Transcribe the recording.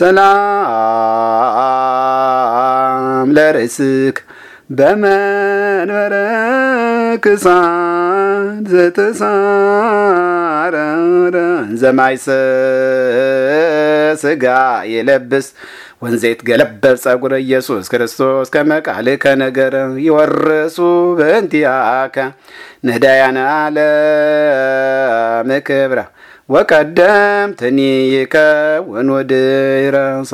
ሰላም ለርእስክ በመንበረ ክሳድ ዘተሳረረ ዘማይሰ ስጋ የለብስ ወንዘይት ገለበብ ጸጉረ ኢየሱስ ክርስቶስ ከመቃል ከነገር ይወርሱ በእንቲአከ ነዳያነ አለ ምክብራ ወቀደምትኒ ይከውን ወድረ